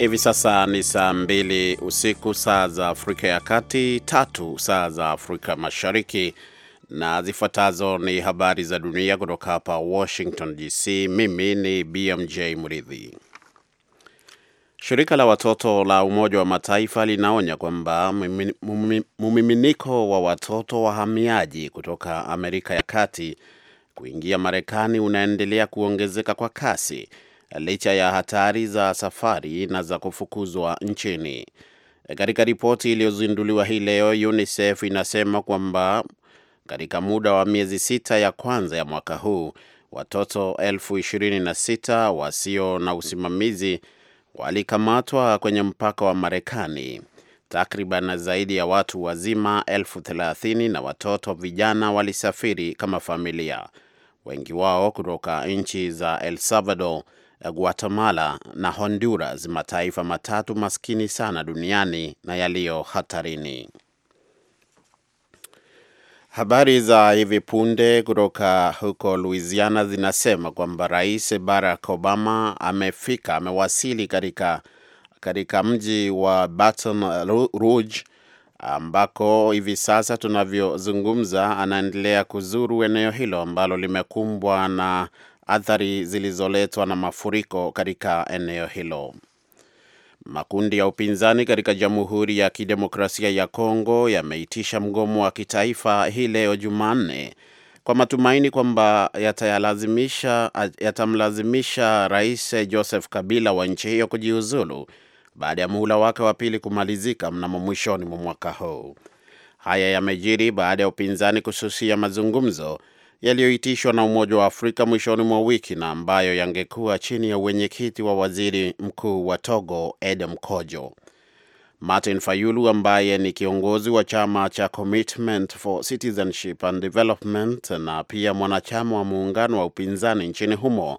Hivi sasa ni saa mbili usiku saa za Afrika ya Kati, tatu saa za Afrika Mashariki, na zifuatazo ni habari za dunia kutoka hapa Washington DC. Mimi ni BMJ Mridhi. Shirika la watoto la Umoja wa Mataifa linaonya kwamba mumiminiko wa watoto wahamiaji kutoka Amerika ya Kati kuingia Marekani unaendelea kuongezeka kwa kasi licha ya hatari za safari na za kufukuzwa nchini. Katika ripoti iliyozinduliwa hii leo, UNICEF inasema kwamba katika muda wa miezi sita ya kwanza ya mwaka huu watoto elfu ishirini na sita wasio na usimamizi walikamatwa kwenye mpaka wa Marekani. Takriban zaidi ya watu wazima elfu thelathini na watoto vijana walisafiri kama familia, wengi wao kutoka nchi za El Salvador, Guatemala na Honduras, mataifa matatu maskini sana duniani na yaliyo hatarini. Habari za hivi punde kutoka huko Louisiana zinasema kwamba Rais Barack Obama amefika, amewasili katika katika mji wa Baton Rouge ambako hivi sasa tunavyozungumza anaendelea kuzuru eneo hilo ambalo limekumbwa na athari zilizoletwa na mafuriko katika eneo hilo. Makundi ya upinzani katika Jamhuri ya Kidemokrasia ya Kongo yameitisha mgomo wa kitaifa hii leo Jumanne kwa matumaini kwamba yatamlazimisha Rais Joseph Kabila wa nchi hiyo kujiuzulu baada ya muhula wake wa pili kumalizika mnamo mwishoni mwa mwaka huu. Haya yamejiri baada ya upinzani kususia mazungumzo yaliyoitishwa na Umoja wa Afrika mwishoni mwa wiki na ambayo yangekuwa chini ya uwenyekiti wa waziri mkuu wa Togo Edem Kojo. Martin Fayulu ambaye ni kiongozi wa chama cha Commitment for Citizenship and Development na pia mwanachama wa muungano wa upinzani nchini humo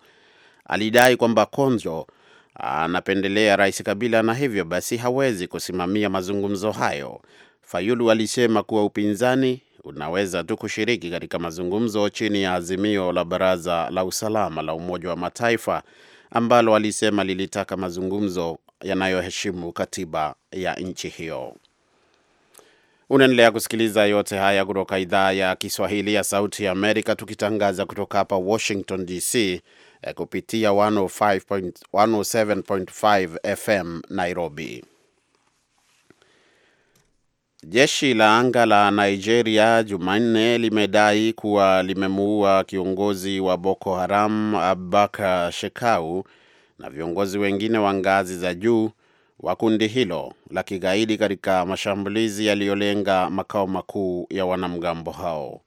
alidai kwamba Konjo anapendelea Rais Kabila na hivyo basi hawezi kusimamia mazungumzo hayo. Fayulu alisema kuwa upinzani unaweza tu kushiriki katika mazungumzo chini ya azimio la Baraza la Usalama la Umoja wa Mataifa ambalo alisema lilitaka mazungumzo yanayoheshimu katiba ya nchi hiyo. Unaendelea kusikiliza yote haya kutoka idhaa ya Kiswahili ya Sauti ya Amerika, tukitangaza kutoka hapa Washington DC eh, kupitia 107.5 FM Nairobi. Jeshi la anga la Nigeria Jumanne limedai kuwa limemuua kiongozi wa Boko Haram Abubakar Shekau na viongozi wengine wa ngazi za juu wa kundi hilo la kigaidi katika mashambulizi yaliyolenga makao makuu ya wanamgambo hao.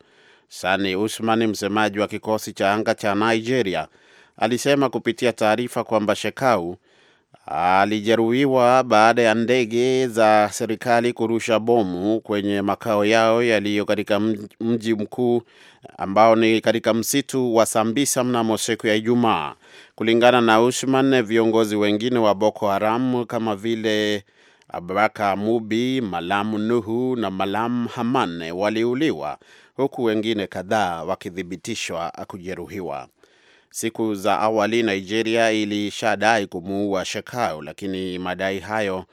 Sani Usman, msemaji wa kikosi cha anga cha Nigeria, alisema kupitia taarifa kwamba Shekau alijeruhiwa baada ya ndege za serikali kurusha bomu kwenye makao yao yaliyo katika mji mkuu ambao ni katika msitu wa Sambisa mnamo siku ya Ijumaa. Kulingana na Usman, viongozi wengine wa Boko Haram kama vile Abubakar Mubi, Malam Nuhu na Malam Hamane waliuliwa huku wengine kadhaa wakithibitishwa kujeruhiwa. Siku za awali Nigeria ilishadai kumuua Shekau, lakini madai hayo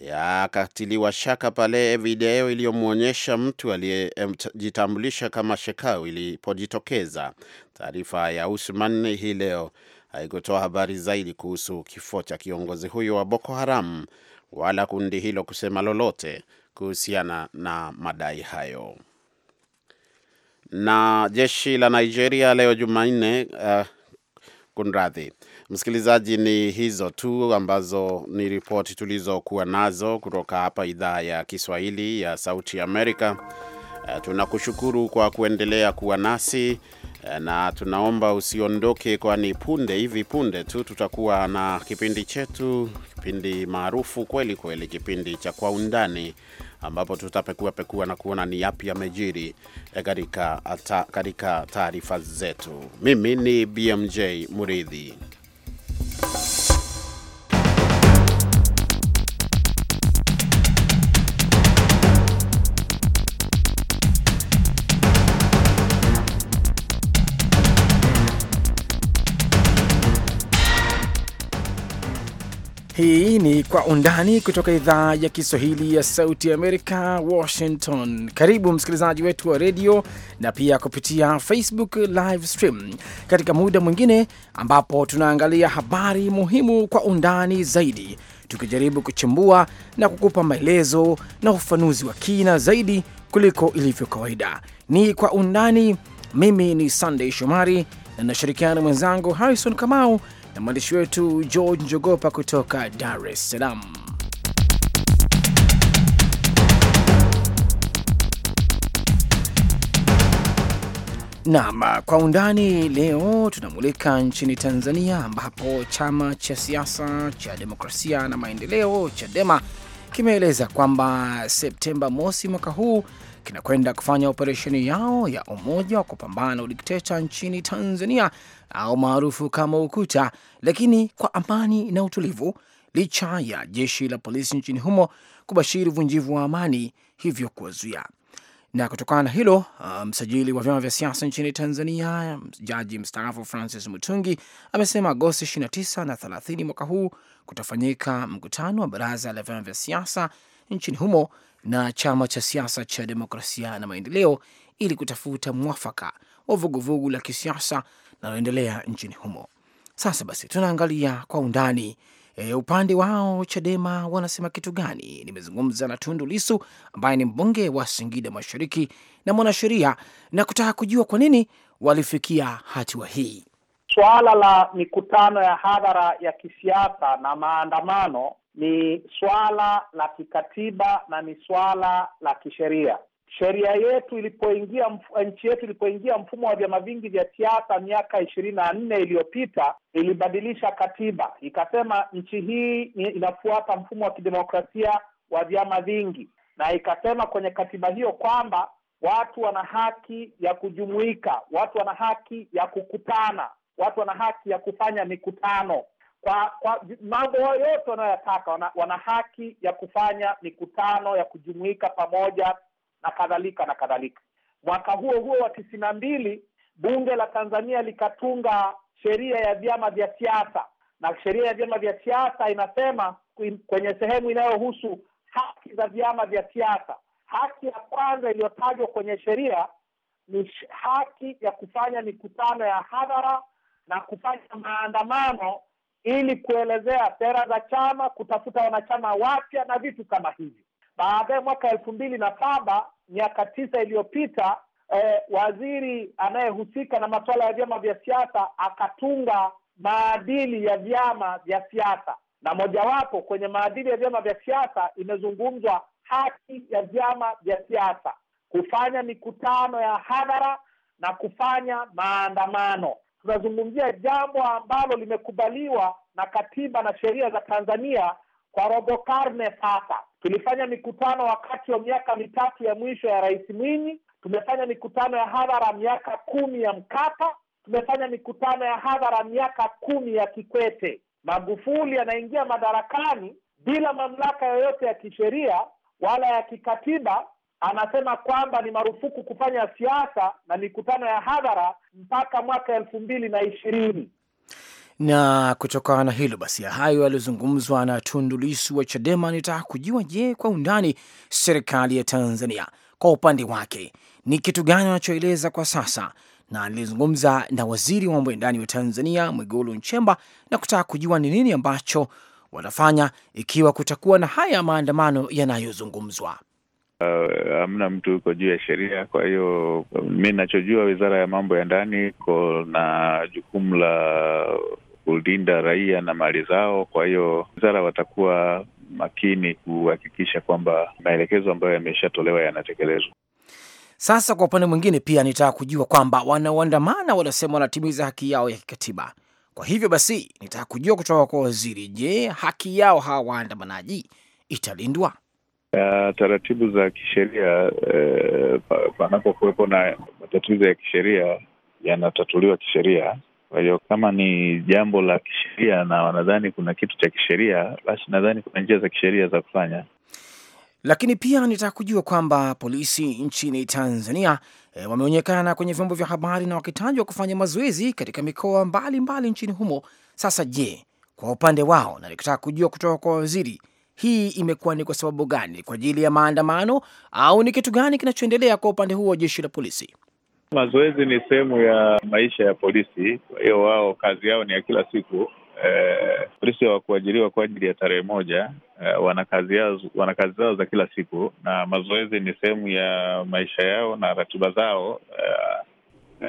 yakatiliwa shaka pale video iliyomwonyesha mtu aliyejitambulisha kama Shekau ilipojitokeza. Taarifa ya Usman hii leo haikutoa habari zaidi kuhusu kifo cha kiongozi huyo wa Boko Haram wala kundi hilo kusema lolote kuhusiana na madai hayo. Na jeshi la Nigeria leo Jumanne uh, Kunradhi msikilizaji, ni hizo tu ambazo ni ripoti tulizokuwa nazo kutoka hapa idhaa ya Kiswahili ya Sauti Amerika. Eh, tunakushukuru kwa kuendelea kuwa nasi na tunaomba usiondoke, kwani punde hivi punde tu tutakuwa na kipindi chetu, kipindi maarufu kweli kweli, kipindi cha Kwa Undani, ambapo tutapekua pekua na kuona ni yapi yamejiri eh, katika taarifa zetu. Mimi ni BMJ Muridhi. Hii ni Kwa Undani kutoka idhaa ya Kiswahili ya Sauti Amerika, Washington. Karibu msikilizaji wetu wa redio na pia kupitia Facebook live stream katika muda mwingine, ambapo tunaangalia habari muhimu kwa undani zaidi, tukijaribu kuchimbua na kukupa maelezo na ufafanuzi wa kina zaidi kuliko ilivyo kawaida. Ni Kwa Undani. Mimi ni sandey Shomari na nashirikiana na mwenzangu Harrison Kamau na mwandishi wetu George Njogopa kutoka Dar es Salaam. Naam, kwa undani leo tunamulika nchini Tanzania ambapo chama cha siasa cha demokrasia na maendeleo Chadema kimeeleza kwamba Septemba mosi mwaka huu kinakwenda kufanya operesheni yao ya umoja wa kupambana na udikteta nchini Tanzania au maarufu kama Ukuta, lakini kwa amani na utulivu, licha ya jeshi la polisi nchini humo kubashiri uvunjivu wa amani, hivyo kuwazuia na kutokana na hilo um, msajili um, wa vyama vya siasa nchini Tanzania, jaji mstaafu Francis Mutungi amesema Agosti 29 na 30 mwaka huu kutafanyika mkutano wa baraza la vyama vya siasa nchini humo na chama cha siasa cha demokrasia na maendeleo ili kutafuta mwafaka wa vuguvugu la kisiasa linaloendelea nchini humo. Sasa basi, tunaangalia kwa undani e, upande wao Chadema wanasema kitu gani? Nimezungumza na Tundu Lisu ambaye ni mbunge wa Singida Mashariki na mwanasheria na kutaka kujua kwa nini walifikia hatua hii. Suala la mikutano ya hadhara ya kisiasa na maandamano ni swala la kikatiba na ni swala la kisheria sheria yetu ilipoingia mf, nchi yetu ilipoingia mfumo wa vyama vingi vya siasa miaka ishirini na nne iliyopita ilibadilisha katiba ikasema nchi hii inafuata mfumo wa kidemokrasia wa vyama vingi, na ikasema kwenye katiba hiyo kwamba watu wana haki ya kujumuika, watu wana haki ya kukutana, watu wana haki ya kufanya mikutano kwa kwa mambo yote wanayoyataka, wana, wana haki ya kufanya mikutano ya kujumuika pamoja na kadhalika na kadhalika. Mwaka huo huo wa tisina na mbili bunge la Tanzania likatunga sheria ya vyama vya siasa, na sheria ya vyama vya siasa inasema kwenye sehemu inayohusu haki za vyama vya siasa, haki ya kwanza iliyotajwa kwenye sheria ni haki ya kufanya mikutano ya hadhara na kufanya maandamano ili kuelezea sera za chama, kutafuta wanachama wapya na vitu kama hivyo. Baadaye mwaka elfu mbili na saba, miaka tisa iliyopita eh, waziri anayehusika na masuala ya vyama vya siasa akatunga maadili ya vyama vya siasa, na mojawapo kwenye maadili ya vyama vya siasa imezungumzwa haki ya vyama vya siasa kufanya mikutano ya hadhara na kufanya maandamano. Tunazungumzia jambo ambalo limekubaliwa na katiba na sheria za Tanzania kwa robo karne sasa. Tulifanya mikutano wakati wa miaka mitatu ya mwisho ya Rais Mwinyi. Tumefanya mikutano ya hadhara miaka kumi ya Mkapa. Tumefanya mikutano ya hadhara miaka kumi ya Kikwete. Magufuli anaingia madarakani bila mamlaka yoyote ya kisheria wala ya kikatiba. Anasema kwamba ni marufuku kufanya siasa na mikutano ya hadhara mpaka mwaka elfu mbili na ishirini. Na kutokana na hilo basi, hayo yaliyozungumzwa na Tundu Lissu wa Chadema, nitaka kujua, je, kwa undani serikali ya Tanzania kwa upande wake ni kitu gani wanachoeleza kwa sasa, na nilizungumza na waziri wa mambo ya ndani wa Tanzania Mwigulu Nchemba na kutaka kujua ni nini ambacho watafanya ikiwa kutakuwa na haya maandamano yanayozungumzwa. Uh, hamna uh, mtu yuko juu ya sheria. Kwa hiyo uh, mi nachojua, wizara ya mambo ya ndani iko na jukumu la kulinda raia na mali zao. Kwa hiyo wizara watakuwa makini kuhakikisha kwamba maelekezo ambayo yameshatolewa yanatekelezwa. Sasa kwa upande mwingine, pia nitaka kujua kwamba wanaoandamana wanasema wanatimiza haki yao ya kikatiba. Kwa hivyo basi, nitaka kujua kutoka kwa waziri, je, haki yao hawa waandamanaji italindwa? uh, taratibu za kisheria uh, panapokuwepo na matatizo ya kisheria yanatatuliwa kisheria. Kwa hiyo kama ni jambo la kisheria na wanadhani kuna kitu cha kisheria, basi nadhani kuna njia za kisheria za kufanya. Lakini pia nitaka kujua kwamba polisi nchini Tanzania e, eh, wameonekana kwenye vyombo vya habari na wakitajwa kufanya mazoezi katika mikoa mbalimbali nchini humo. Sasa je, kwa upande wao, na nikitaka kujua kutoka kwa waziri hii imekuwa ni kwa sababu gani? Kwa ajili ya maandamano au ni kitu gani kinachoendelea kwa upande huo wa jeshi la polisi? Mazoezi ni sehemu ya maisha ya polisi, kwa hiyo wao kazi yao ni ya kila siku. Eh, polisi hawakuajiriwa kwa ajili ya tarehe moja. Eh, wana kazi yao, wana kazi zao za kila siku na mazoezi ni sehemu ya maisha yao na ratiba zao eh,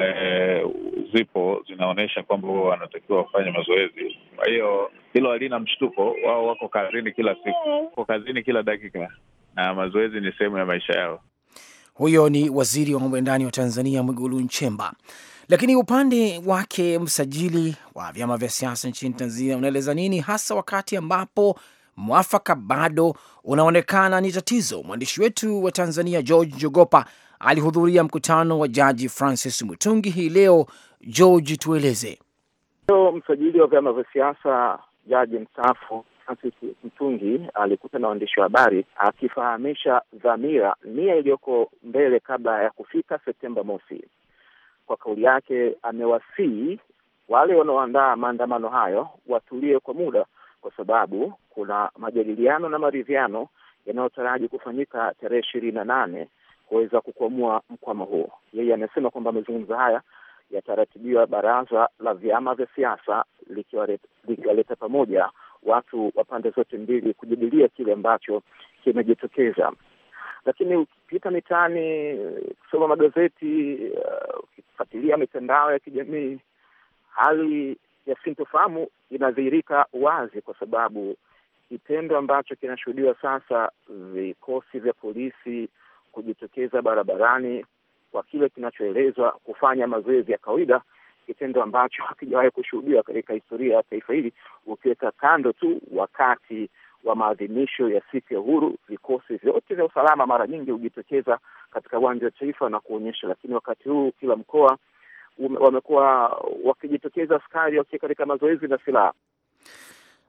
eh, zipo zinaonyesha kwamba wao wanatakiwa wafanye mazoezi, kwa hiyo hilo halina mshtuko. Wao wako kazini kila siku, mm. wako kazini kila dakika, na mazoezi ni sehemu ya maisha yao. Huyo ni waziri wa mambo ya ndani wa Tanzania, Mwigulu Nchemba. Lakini upande wake msajili wa vyama vya siasa nchini Tanzania unaeleza nini hasa, wakati ambapo mwafaka bado unaonekana ni tatizo? Mwandishi wetu wa Tanzania George Jogopa alihudhuria mkutano wa Jaji Francis Mutungi hii leo. George, tueleze. Leo msajili wa vyama vya siasa jaji mstaafu Francis Mtungi alikuta na waandishi wa habari akifahamisha dhamira, nia iliyoko mbele kabla ya kufika Septemba mosi. Kwa kauli yake, amewasii wale wanaoandaa maandamano hayo watulie kwa muda, kwa sababu kuna majadiliano na maridhiano yanayotaraji kufanyika tarehe ishirini na nane kuweza kukwamua mkwama huo. Yeye amesema kwamba amezungumza haya yataratibiwa baraza la vyama vya siasa likiwaleta pamoja watu wa pande zote mbili kujadilia kile ambacho kimejitokeza. Lakini ukipita mitaani, kusoma magazeti, uh, ukifuatilia uh, mitandao ya kijamii, hali ya sintofahamu inadhihirika wazi, kwa sababu kitendo ambacho kinashuhudiwa sasa, vikosi vya polisi kujitokeza barabarani kwa kile kinachoelezwa kufanya mazoezi ya kawaida, kitendo ambacho hakijawahi kushuhudiwa katika historia ya taifa hili, ukiweka kando tu wakati wa maadhimisho ya siku ya uhuru. Vikosi vyote vya usalama mara nyingi hujitokeza katika uwanja wa taifa na kuonyesha, lakini wakati huu kila mkoa wamekuwa wakijitokeza askari wakiwa katika mazoezi na silaha.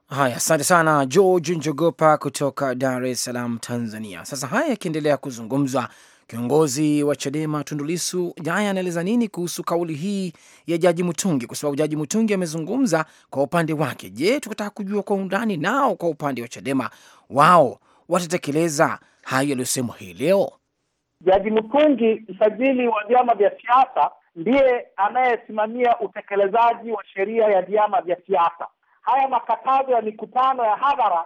Haya, asante sana George Njogopa kutoka Dar es Salaam, Tanzania. Sasa haya yakiendelea kuzungumzwa Kiongozi wa Chadema tundulisu Lissu anaeleza nini kuhusu kauli hii ya Jaji Mutungi, kwa sababu Jaji Mutungi amezungumza kwa upande wake. Je, tukataka kujua kwa undani nao kwa upande wa Chadema wao watatekeleza hayo yaliyosemwa hii leo. Jaji Mutungi, msajili wa vyama vya siasa, ndiye anayesimamia utekelezaji wa sheria ya vyama vya siasa. Haya makatazo ya mikutano ya hadhara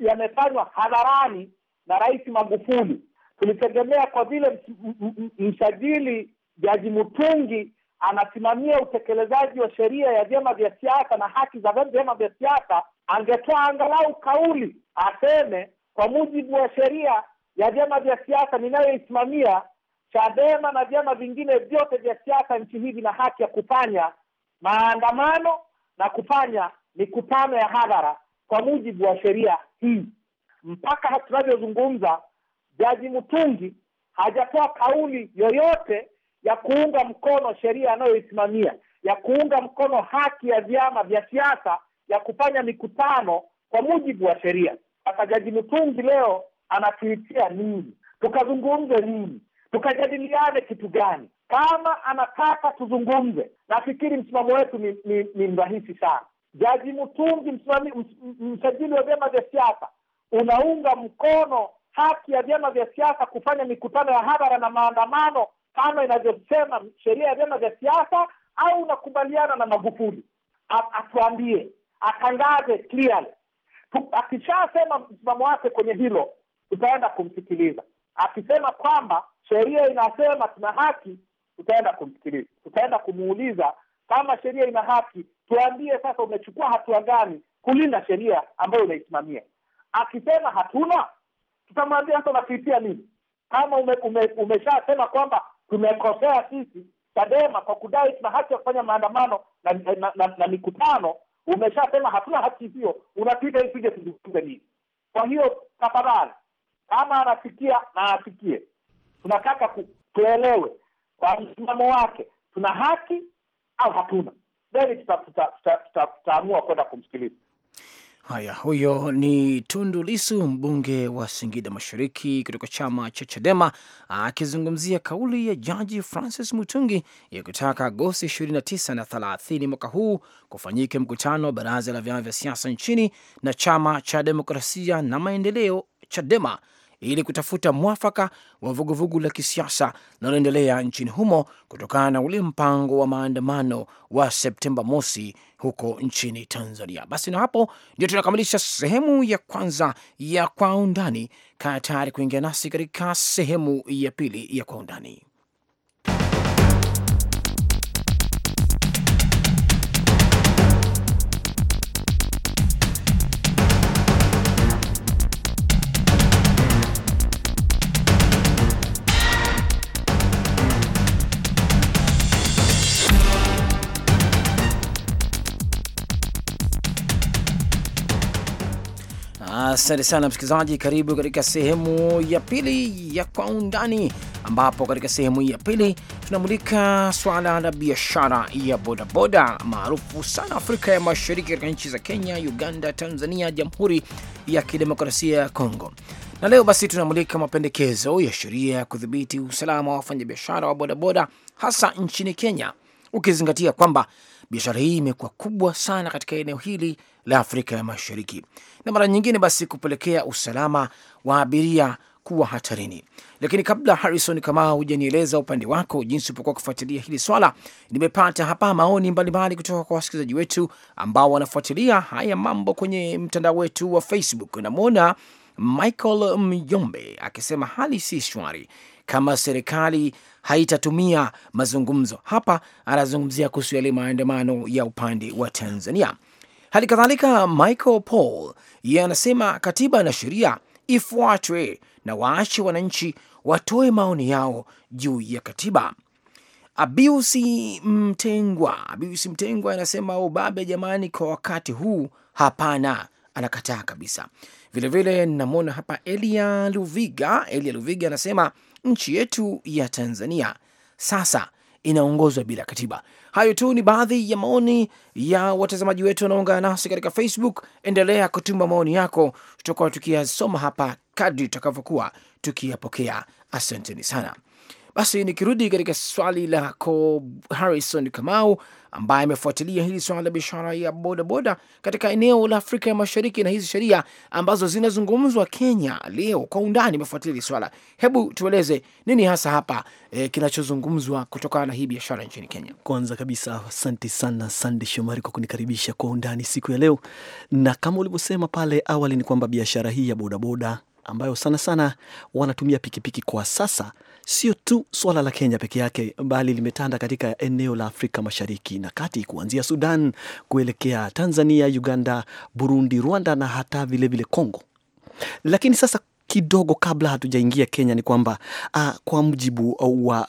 yamefanywa hadharani na Rais Magufuli tulitegemea kwa vile msajili Jaji Mutungi anasimamia utekelezaji wa sheria ya vyama vya siasa na haki za vyama vya siasa, angetoa angalau kauli aseme, kwa mujibu wa sheria ya vyama vya siasa ninayoisimamia, Chadema na vyama vingine vyote vya siasa nchi hii vina haki ya kufanya maandamano na kufanya mikutano ya hadhara kwa mujibu wa sheria hii. Mpaka tunavyozungumza, Jaji Mutungi hajatoa kauli yoyote ya kuunga mkono sheria anayoisimamia ya kuunga mkono haki ya vyama vya siasa ya kufanya mikutano kwa mujibu wa sheria. Sasa Jaji Mutungi leo anatuitia nini? Tukazungumze nini? Tukajadiliane kitu gani? Kama anataka tuzungumze, nafikiri msimamo wetu ni, ni, ni mrahisi sana. Jaji Mutungi, msajili wa vyama vya siasa, unaunga mkono haki ya vyama vya siasa kufanya mikutano ya hadhara na maandamano kama inavyosema sheria ya vyama vya siasa, au unakubaliana na Magufuli? Atuambie, atangaze Akishasema msimamo wake kwenye hilo, tutaenda kumsikiliza. Akisema kwamba sheria inasema tuna haki, tutaenda kumsikiliza, tutaenda kumuuliza kama sheria ina haki, tuambie sasa umechukua hatua gani kulinda sheria ambayo unaisimamia. Akisema hatuna tutamwambia hata unakiitia nini? Kama ume, ume, umeshasema kwamba tumekosea sisi Chadema kwa kudai tuna haki ya kufanya maandamano na, na, na, na, na mikutano, umeshasema hatuna haki hiyo, hii tuje tuzungumze nini? Kwa hiyo tafadhali, kama anasikia na asikie, tunataka tuelewe kwa msimamo wake, tuna haki au hatuna, heni tutaamua kwenda kumsikiliza. Haya, huyo ni Tundu Lisu, mbunge wa Singida Mashariki kutoka chama cha Chadema, akizungumzia kauli ya Jaji Francis Mutungi ya kutaka Agosti 29 na 30 mwaka huu kufanyike mkutano wa baraza la vyama vya siasa nchini na chama cha demokrasia na maendeleo Chadema ili kutafuta mwafaka wa vuguvugu la kisiasa linaloendelea nchini humo kutokana na ule mpango wa maandamano wa Septemba mosi huko nchini Tanzania. Basi na hapo ndio tunakamilisha sehemu ya kwanza ya Kwa Undani. Kaa tayari kuingia nasi katika sehemu ya pili ya Kwa Undani. Asante sana msikilizaji, karibu katika sehemu ya pili ya Kwa Undani, ambapo katika sehemu ya pili tunamulika swala la biashara ya bodaboda maarufu sana Afrika ya Mashariki, katika nchi za Kenya, Uganda, Tanzania, Jamhuri ya Kidemokrasia ya Kongo. Na leo basi tunamulika mapendekezo ya sheria ya kudhibiti usalama wa wafanyabiashara wa bodaboda hasa nchini Kenya, ukizingatia kwamba Biashara hii imekuwa kubwa sana katika eneo hili la Afrika ya Mashariki, na mara nyingine basi kupelekea usalama wa abiria kuwa hatarini. Lakini kabla Harrison, kama hujanieleza upande wako jinsi upokuwa kufuatilia hili swala, nimepata hapa maoni mbalimbali kutoka kwa wasikilizaji wetu ambao wanafuatilia haya mambo kwenye mtandao wetu wa Facebook. Namwona Michael Myombe akisema hali si shwari, kama serikali haitatumia mazungumzo. Hapa anazungumzia kuhusu yale maandamano ya upande wa Tanzania. Hali kadhalika Michael Paul yeye anasema katiba na sheria ifuatwe na waache wananchi watoe maoni yao juu ya katiba. Abiusi Mtengwa, Abiusi Mtengwa anasema ubabe jamani, kwa wakati huu hapana, anakataa kabisa. Vilevile namwona hapa Elia Luviga, Elia Luviga anasema nchi yetu ya Tanzania sasa inaongozwa bila katiba. Hayo tu ni baadhi ya maoni ya watazamaji wetu wanaungana nasi katika Facebook. Endelea kutuma maoni yako, tutakuwa tukiyasoma hapa kadri tutakavyokuwa tukiyapokea. Asanteni sana. Basi nikirudi katika swali lako Harrison Kamau, ambaye amefuatilia hili swala la biashara ya bodaboda katika eneo la Afrika ya Mashariki na hizi sheria ambazo zinazungumzwa Kenya leo, kwa undani amefuatilia hili swala. Hebu tueleze nini hasa hapa e, kinachozungumzwa kutokana na hii biashara nchini Kenya. Kwanza kabisa, asante sana Sande Shomari kwa kunikaribisha kwa undani siku ya leo, na kama ulivyosema pale awali ni kwamba biashara hii ya bodaboda ambayo sana sana wanatumia pikipiki kwa sasa, sio tu swala la Kenya peke yake, bali limetanda katika eneo la Afrika Mashariki na Kati, kuanzia Sudan kuelekea Tanzania, Uganda, Burundi, Rwanda na hata vilevile Kongo. Lakini sasa kidogo kabla hatujaingia Kenya ni kwamba uh, kwa mjibu ah, wa,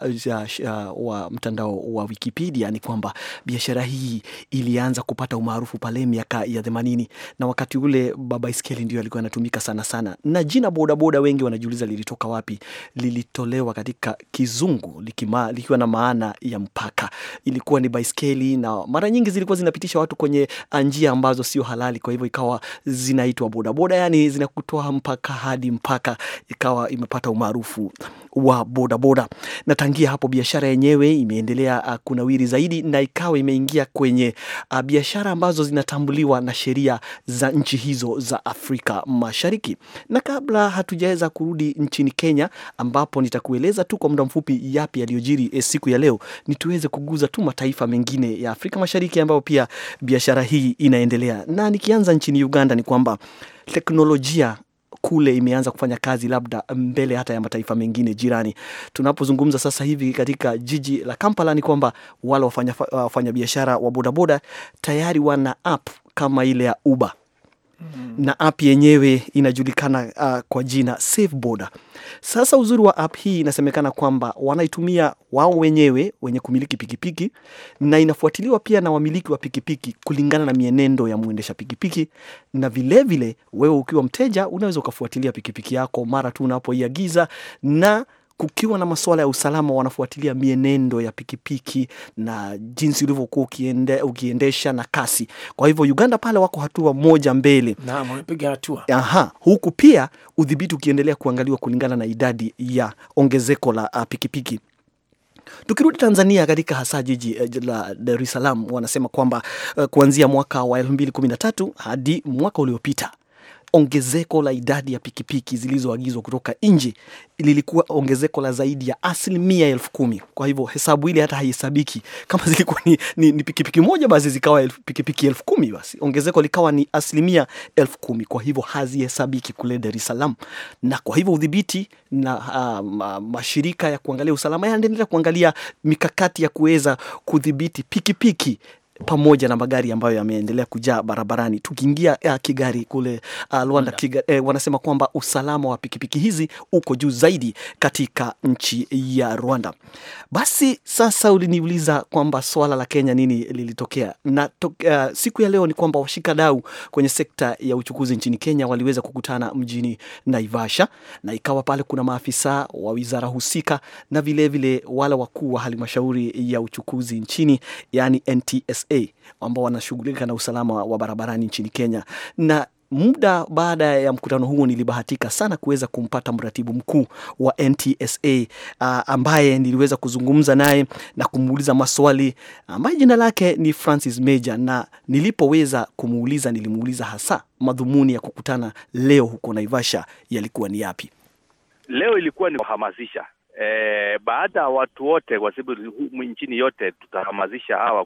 uh, wa mtandao wa Wikipedia ni kwamba biashara hii ilianza kupata umaarufu pale miaka ya themanini, na wakati ule babaiskeli ndio alikuwa anatumika sana sana, na jina bodaboda wengi wanajiuliza lilitoka wapi. Lilitolewa katika Kizungu likima, likiwa na maana ya mpaka. Ilikuwa ni baiskeli na mara nyingi zilikuwa zinapitisha watu kwenye njia ambazo sio halali, kwa hivyo ikawa zinaitwa bodaboda, yani zinakutoa mpaka hadi mpaka mpaka ikawa imepata umaarufu wa bodaboda, na tangia hapo biashara yenyewe imeendelea uh, kunawiri zaidi na ikawa imeingia kwenye uh, biashara ambazo zinatambuliwa na sheria za nchi hizo za Afrika Mashariki. Na kabla hatujaweza kurudi nchini Kenya, ambapo nitakueleza tu kwa muda mfupi yapi yaliyojiri eh, siku ya leo, ni tuweze kuguza tu mataifa mengine ya Afrika Mashariki ambayo pia biashara hii inaendelea. Na nikianza nchini Uganda, ni kwamba teknolojia kule imeanza kufanya kazi labda mbele hata ya mataifa mengine jirani. Tunapozungumza sasa hivi katika jiji la Kampala ni kwamba wale wafanyabiashara wafanya wa bodaboda tayari wana app kama ile ya Uber na app yenyewe inajulikana uh, kwa jina Safe Border. Sasa uzuri wa app hii inasemekana kwamba wanaitumia wao wenyewe wenye kumiliki pikipiki, na inafuatiliwa pia na wamiliki wa pikipiki kulingana na mienendo ya mwendesha pikipiki, na vilevile vile, wewe ukiwa mteja unaweza ukafuatilia pikipiki yako mara tu unapoiagiza na kukiwa na masuala ya usalama, wanafuatilia mienendo ya pikipiki na jinsi ulivyokuwa ukiende, ukiendesha na kasi. Kwa hivyo Uganda pale wako hatua moja mbele. wamepiga hatua. Aha, huku pia udhibiti ukiendelea kuangaliwa kulingana na idadi ya ongezeko la uh, pikipiki. Tukirudi Tanzania, katika hasa jiji eh, la Dar es Salaam, wanasema kwamba uh, kuanzia mwaka wa 2013 hadi mwaka uliopita ongezeko la idadi ya pikipiki zilizoagizwa kutoka nje lilikuwa ongezeko la zaidi ya asilimia elfu kumi. Kwa hivyo hesabu ile hata haihesabiki. Kama zilikuwa ni, ni, ni pikipiki moja, basi zikawa elf, pikipiki elfu kumi, basi ongezeko likawa ni asilimia elfu kumi. Kwa hivyo hazihesabiki kule Dar es Salaam, na kwa hivyo udhibiti na uh, mashirika ya kuangalia usalama yanaendelea kuangalia mikakati ya kuweza kudhibiti pikipiki pamoja na magari ambayo yameendelea kujaa barabarani. Tukiingia eh, Kigali kule uh, ah, Rwanda Kiga, eh, wanasema kwamba usalama wa pikipiki hizi uko juu zaidi katika nchi ya Rwanda. Basi sasa uliniuliza kwamba swala la Kenya nini lilitokea na to, uh, siku ya leo ni kwamba washikadau kwenye sekta ya uchukuzi nchini Kenya waliweza kukutana mjini Naivasha na ikawa pale kuna maafisa wa wizara husika na vilevile wale wakuu wa halmashauri ya uchukuzi nchini yani NTS NTSA ambao wanashughulika na usalama wa barabarani nchini Kenya na muda baada ya mkutano huo nilibahatika sana kuweza kumpata mratibu mkuu wa NTSA uh, ambaye niliweza kuzungumza naye na kumuuliza maswali ambaye jina lake ni Francis Major, na nilipoweza kumuuliza nilimuuliza hasa madhumuni ya kukutana leo huko Naivasha yalikuwa ni yapi. Leo ilikuwa ni kuhamasisha E, baada ya watu wote kwa sababu nchini yote tutahamasisha hawa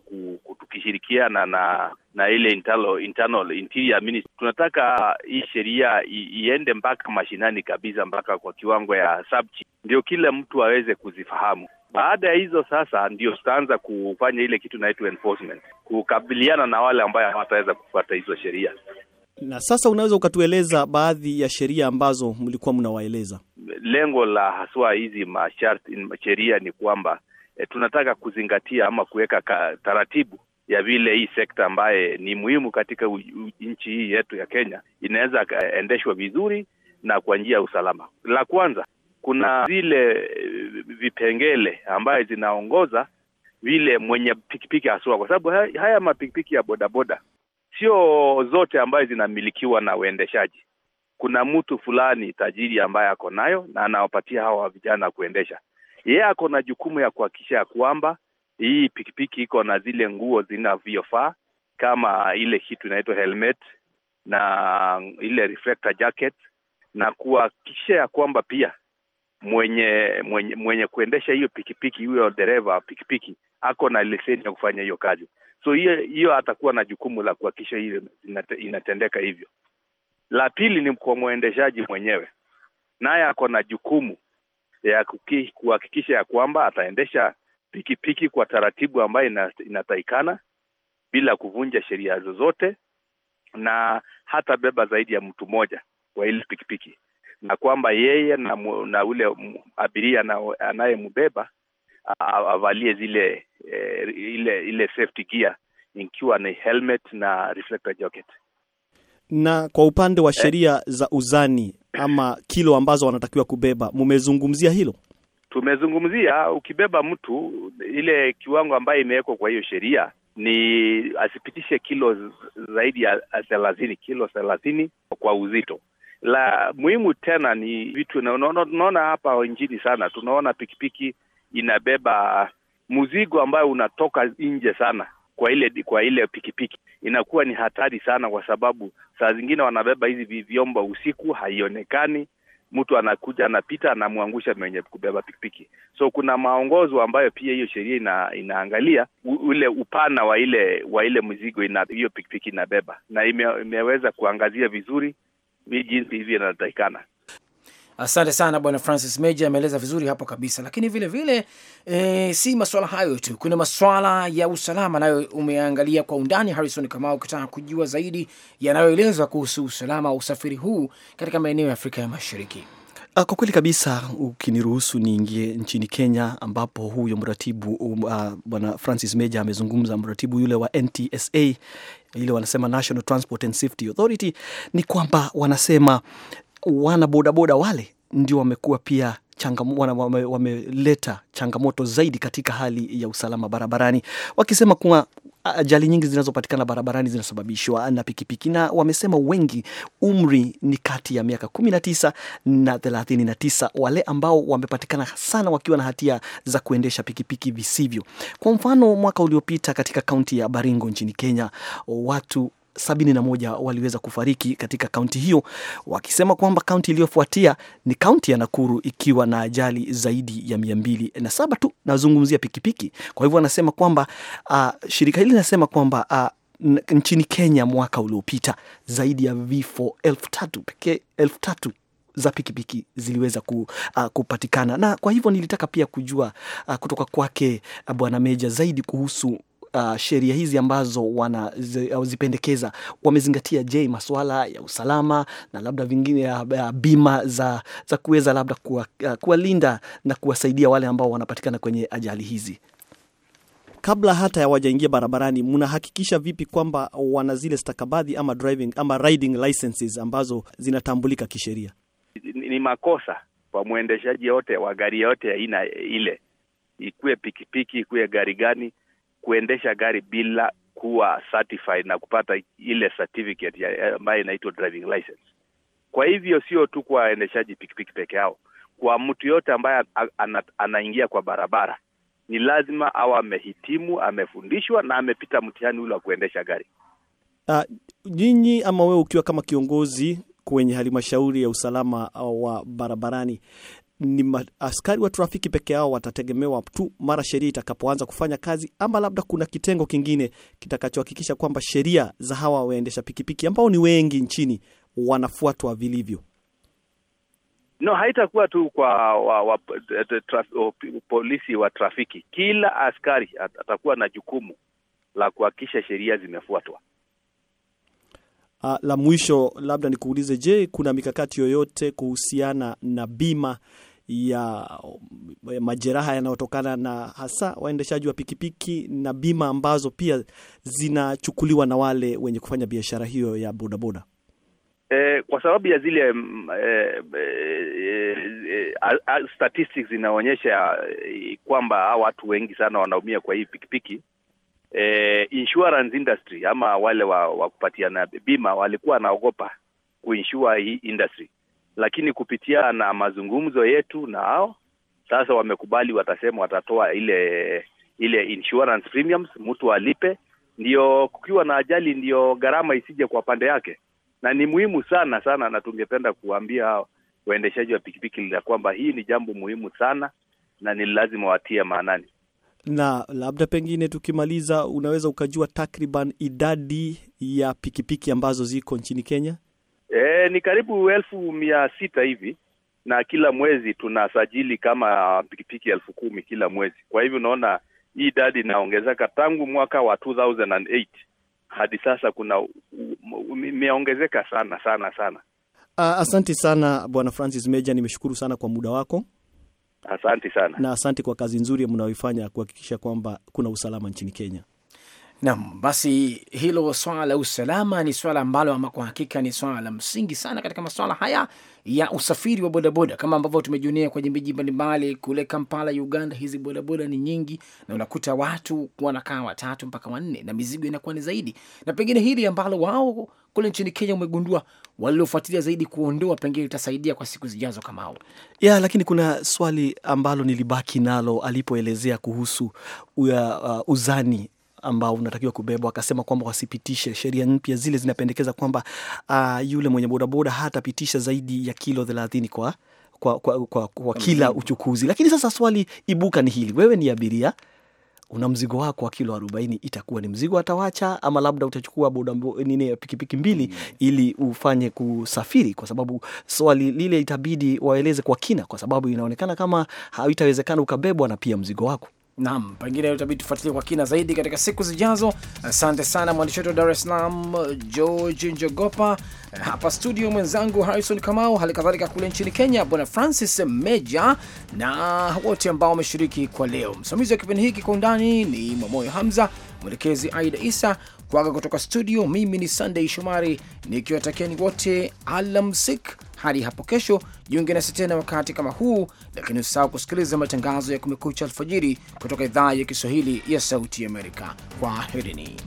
tukishirikiana na na ile internal, internal interior ministry. Tunataka hii sheria iende mpaka mashinani kabisa, mpaka kwa kiwango ya sabchi, ndio kila mtu aweze kuzifahamu. Baada ya hizo sasa, ndio tutaanza kufanya ile kitu naitwa enforcement, kukabiliana na wale ambayo hawataweza kufuata hizo sheria. Na sasa unaweza ukatueleza baadhi ya sheria ambazo mlikuwa mnawaeleza? Lengo la haswa hizi masharti sheria ni kwamba e, tunataka kuzingatia ama kuweka taratibu ya vile hii sekta ambaye ni muhimu katika nchi hii yetu ya Kenya inaweza endeshwa vizuri na kwa njia ya usalama. La kwanza, kuna zile eh, vipengele ambaye zinaongoza vile mwenye pikipiki haswa, kwa sababu haya mapikipiki ya bodaboda sio zote ambazo zinamilikiwa na uendeshaji. Kuna mtu fulani tajiri ambaye ako nayo na anawapatia hawa vijana kuendesha. Yeye ako na jukumu ya kuhakikisha ya kwamba hii pikipiki iko na zile nguo zinavyofaa, kama ile kitu inaitwa helmet na ile reflector jacket, na kuhakikisha ya kwamba pia mwenye mwenye mwenye kuendesha hiyo pikipiki, huyo dereva pikipiki ako na leseni ya kufanya hiyo kazi. So hiyo hiyo atakuwa na jukumu la kuhakikisha hiyo inatendeka hivyo. La pili ni kwa mwendeshaji mwenyewe, naye ako na jukumu ya kuhakikisha ya kwamba ataendesha pikipiki piki kwa taratibu ambayo inataikana bila kuvunja sheria zozote, na hata beba zaidi ya mtu mmoja kwa ile pikipiki, na kwamba yeye na, na ule abiria anayembeba avalie zile eh, ile ile safety gear ikiwa ni helmet na reflector jacket. Na kwa upande wa sheria eh, za uzani ama kilo ambazo wanatakiwa kubeba, mumezungumzia hilo? Tumezungumzia, ukibeba mtu ile kiwango ambayo imewekwa kwa hiyo sheria ni asipitishe kilo zaidi ya thelathini, kilo thelathini kwa uzito. La muhimu tena ni vitu, tunaona hapa nchini sana tunaona pikipiki inabeba mzigo ambayo unatoka nje sana kwa ile kwa ile pikipiki inakuwa ni hatari sana, kwa sababu saa zingine wanabeba hizi vyombo usiku, haionekani mtu anakuja anapita anamwangusha mwenye kubeba pikipiki. So kuna maongozo ambayo pia hiyo sheria ina, inaangalia u, ule upana wa ile wa ile mzigo hiyo pikipiki inabeba, na ime, imeweza kuangazia vizuri jinsi hivyo inatakikana. Asante sana bwana Francis Meja, ameeleza vizuri hapo kabisa. Lakini vile vile e, si maswala hayo tu, kuna maswala ya usalama nayo umeangalia kwa undani, Harrison Kamau, ukitaka kujua zaidi yanayoelezwa kuhusu usalama wa usafiri huu katika maeneo ya Afrika ya Mashariki. Ah, kwa kweli kabisa, ukiniruhusu niingie nchini Kenya, ambapo huyo mratibu uh, bwana Francis Meja amezungumza, mratibu yule wa NTSA ile wanasema National Transport and Safety Authority, ni kwamba wanasema wana bodaboda wale ndio wamekuwa pia wameleta wame changamoto zaidi katika hali ya usalama barabarani, wakisema kuwa ajali nyingi zinazopatikana barabarani zinasababishwa na pikipiki, na wamesema wengi umri ni kati ya miaka 19 na 39, wale ambao wamepatikana sana wakiwa na hatia za kuendesha pikipiki visivyo. Kwa mfano, mwaka uliopita katika kaunti ya Baringo nchini Kenya, watu 71 waliweza kufariki katika kaunti hiyo, wakisema kwamba kaunti iliyofuatia ni kaunti ya Nakuru ikiwa na ajali zaidi ya 207 tu, nazungumzia pikipiki. Kwa hivyo anasema kwamba uh, shirika hili linasema kwamba uh, nchini Kenya mwaka uliopita zaidi ya vifo elfu tatu pekee elfu tatu za pikipiki ziliweza ku, uh, kupatikana na kwa hivyo nilitaka pia kujua uh, kutoka kwake uh, Bwana Meja zaidi kuhusu uh, sheria hizi ambazo wanazipendekeza wamezingatia, je, masuala ya usalama na labda vingine ya, uh, ya uh, bima za, za kuweza labda uh, kuwalinda uh, kuwa na kuwasaidia wale ambao wanapatikana kwenye ajali hizi kabla hata ya wajaingia barabarani, mnahakikisha vipi kwamba wana zile stakabadhi ama driving ama riding licenses ambazo zinatambulika kisheria? Ni, ni makosa kwa mwendeshaji yote wa gari yote aina ile, ikuwe pikipiki, ikuwe gari gani, kuendesha gari bila kuwa certified na kupata ile certificate ambayo inaitwa driving license. Kwa hivyo sio tu kwa waendeshaji pikipiki peke yao, kwa mtu yote ambaye anaingia kwa barabara ni lazima awe amehitimu, amefundishwa na amepita mtihani ule wa kuendesha gari. Ah, nyinyi ama wewe ukiwa kama kiongozi kwenye halmashauri ya usalama wa barabarani, ni askari wa trafiki peke yao watategemewa tu mara sheria itakapoanza kufanya kazi, ama labda kuna kitengo kingine kitakachohakikisha kwamba sheria za hawa waendesha pikipiki ambao ni wengi nchini wanafuatwa vilivyo? No, haitakuwa tu kwa wa, wa, traf, o, polisi wa trafiki. Kila askari atakuwa na jukumu la kuhakikisha sheria zimefuatwa. Uh, la mwisho labda nikuulize, je, kuna mikakati yoyote kuhusiana na bima ya majeraha yanayotokana na hasa waendeshaji wa pikipiki na bima ambazo pia zinachukuliwa na wale wenye kufanya biashara hiyo ya bodaboda. Eh, kwa sababu ya zile mm, eh, eh, eh, statistics zinaonyesha eh, kwamba watu wengi sana wanaumia kwa hii pikipiki. Eh, insurance industry ama wale wa, wa kupatiana bima walikuwa wanaogopa kuinsure hii industry lakini kupitia na mazungumzo yetu na hao sasa wamekubali, watasema watatoa ile ile insurance premiums, mtu alipe, ndio kukiwa na ajali, ndio gharama isije kwa pande yake, na ni muhimu sana sana, na tungependa kuambia waendeshaji wa pikipiki la kwamba hii ni jambo muhimu sana na ni lazima watie maanani. Na labda pengine tukimaliza, unaweza ukajua takriban idadi ya pikipiki ambazo ziko nchini Kenya? E, ni karibu elfu mia sita hivi na kila mwezi tunasajili kama pikipiki elfu kumi kila mwezi. Kwa hivyo unaona hii idadi inaongezeka tangu mwaka wa 2008 hadi sasa, kuna imeongezeka sana sana sana. Asante sana Bwana Francis Meja, nimeshukuru sana kwa muda wako. Asante sana na asante kwa kazi nzuri mnayoifanya kuhakikisha kwamba kuna usalama nchini Kenya. Naam, basi hilo swala la usalama ni swala ambalo ama kwa hakika ni swala la msingi sana katika masuala haya ya usafiri wa bodaboda, kama ambavyo tumejionea kwenye miji mbalimbali kule Kampala, Uganda, hizi bodaboda ni nyingi, na unakuta watu wanakaa watatu mpaka wanne na mizigo inakuwa ni zaidi, na pengine hili ambalo wao kule nchini Kenya umegundua waliofuatilia zaidi kuondoa, pengine itasaidia kwa siku zijazo kama hao ya. Lakini kuna swali ambalo nilibaki nalo alipoelezea kuhusu uya, uh, uzani ambao unatakiwa kubebwa. Akasema kwamba wasipitishe sheria mpya, zile zinapendekeza kwamba uh, yule mwenye bodaboda hatapitisha zaidi ya kilo thelathini kwa kwa, kwa, kwa, kwa kila uchukuzi. Lakini sasa swali ibuka ni hili, wewe ni abiria una mzigo wako wa kilo arobaini, itakuwa ni mzigo atawacha, ama labda utachukua boda nini pikipiki mbili mm, ili ufanye kusafiri, kwa sababu swali lile itabidi waeleze kwa kina, kwa sababu inaonekana kama haitawezekana ukabebwa na pia mzigo wako. Naam, pengine utabidi tufuatilie kwa kina zaidi katika siku zijazo. Asante sana mwandishi wetu wa Dar es Salaam George Njogopa, hapa studio mwenzangu Harrison Kamau, hali kadhalika kule nchini Kenya bwana Francis Meja na wote ambao wameshiriki kwa leo. Msimamizi wa kipindi hiki kwa undani ni Mwamoyo Hamza, mwelekezi Aida Isa kwaga kutoka studio. Mimi ni Sunday Shomari nikiwatakieni wote alamsik hadi hapo kesho, jiunge nasi tena wakati kama huu, lakini usisahau kusikiliza matangazo ya Kumekucha alfajiri kutoka idhaa ya Kiswahili ya Sauti Amerika. kwa herini